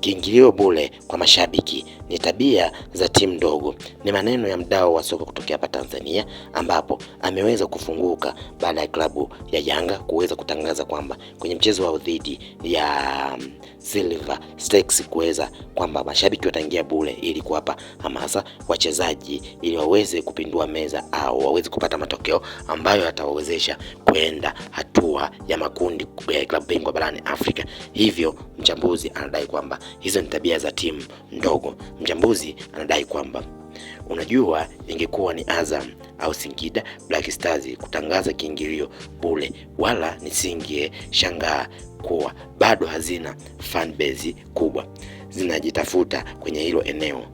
kiingilio bure kwa mashabiki ni tabia za timu ndogo, ni maneno ya mdau wa soka kutokea hapa Tanzania, ambapo ameweza kufunguka baada ya klabu ya Yanga kuweza kutangaza kwamba kwenye mchezo wao dhidi ya mm, Silver Stakes kuweza kwamba mashabiki wataingia bure ili kuwapa hamasa wachezaji ili waweze kupindua meza au waweze kupata matokeo ambayo yatawawezesha kwenda hatua ya makundi ya eh, klabu bingwa barani Afrika. Hivyo mchambuzi anadai kwamba hizo ni tabia za timu ndogo. Mchambuzi anadai kwamba unajua, ingekuwa ni Azam au Singida Black Stars kutangaza kiingilio bure, wala nisingeshangaa kuwa bado hazina fan base kubwa, zinajitafuta kwenye hilo eneo,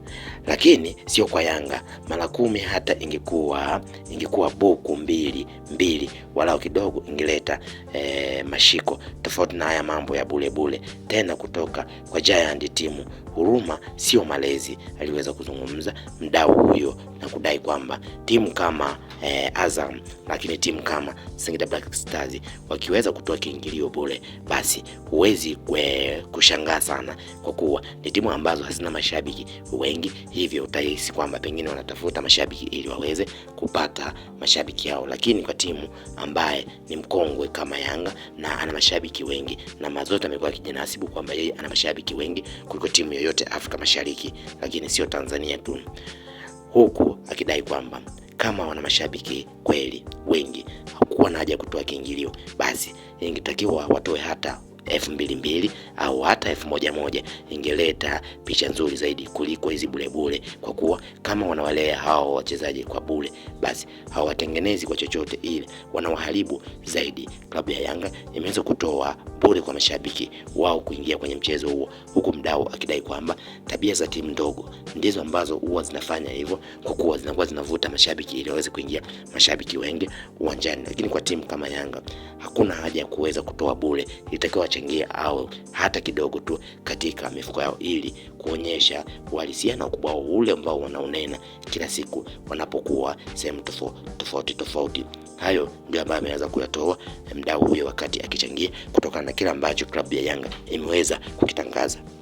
lakini sio kwa Yanga. Mara kumi hata ingekuwa ingekuwa buku mbili mbili, walao kidogo ingeleta e, mashiko, tofauti na haya mambo ya bulebule bule. Tena kutoka kwa Giant timu huruma sio malezi, aliweza kuzungumza mdau huyo na kudai kwamba timu kama eh, Azam, lakini timu kama Singida Black Stars wakiweza kutoa kiingilio bure, basi huwezi eh, kushangaa sana, kwa kuwa ni timu ambazo hazina mashabiki wengi, hivyo utahisi kwamba pengine wanatafuta mashabiki ili waweze kupata mashabiki yao. Lakini kwa timu ambaye ni mkongwe kama Yanga na ana mashabiki wengi, na mazote amekuwa kijinasibu kwamba yeye ana mashabiki wengi kuliko timu yoyote Afrika Mashariki, lakini sio Tanzania tu, huku akidai kwamba kama wana mashabiki kweli wengi, hakuwa na haja ya kutoa kiingilio, basi ingetakiwa watoe hata elfu mbili mbili au hata elfu moja moja ingeleta picha nzuri zaidi kuliko hizi bulebule, kwa kuwa kama wanawalea hao wachezaji kwa bure, basi hawatengenezi kwa chochote, ili wanawaharibu zaidi. Klabu ya Yanga imeweza kutoa bure kwa mashabiki wao kuingia kwenye mchezo huo, huku mdau akidai kwamba tabia za timu ndogo ndizo ambazo huwa zinafanya hivyo, kwa kuwa zinakuwa zinavuta mashabiki ili waweze kuingia mashabiki wengi uwanjani. Lakini kwa timu kama Yanga hakuna haja ya kuweza kutoa bure, itakiwa kuchangia au hata kidogo tu katika mifuko yao, ili kuonyesha uhalisia na ukubwa ule ambao wanaunena kila siku wanapokuwa sehemu tofauti tofauti. Hayo ndio ambayo ameweza kuyatoa mdau huyo wakati akichangia kutokana na kile ambacho klabu ya Yanga imeweza kukitangaza.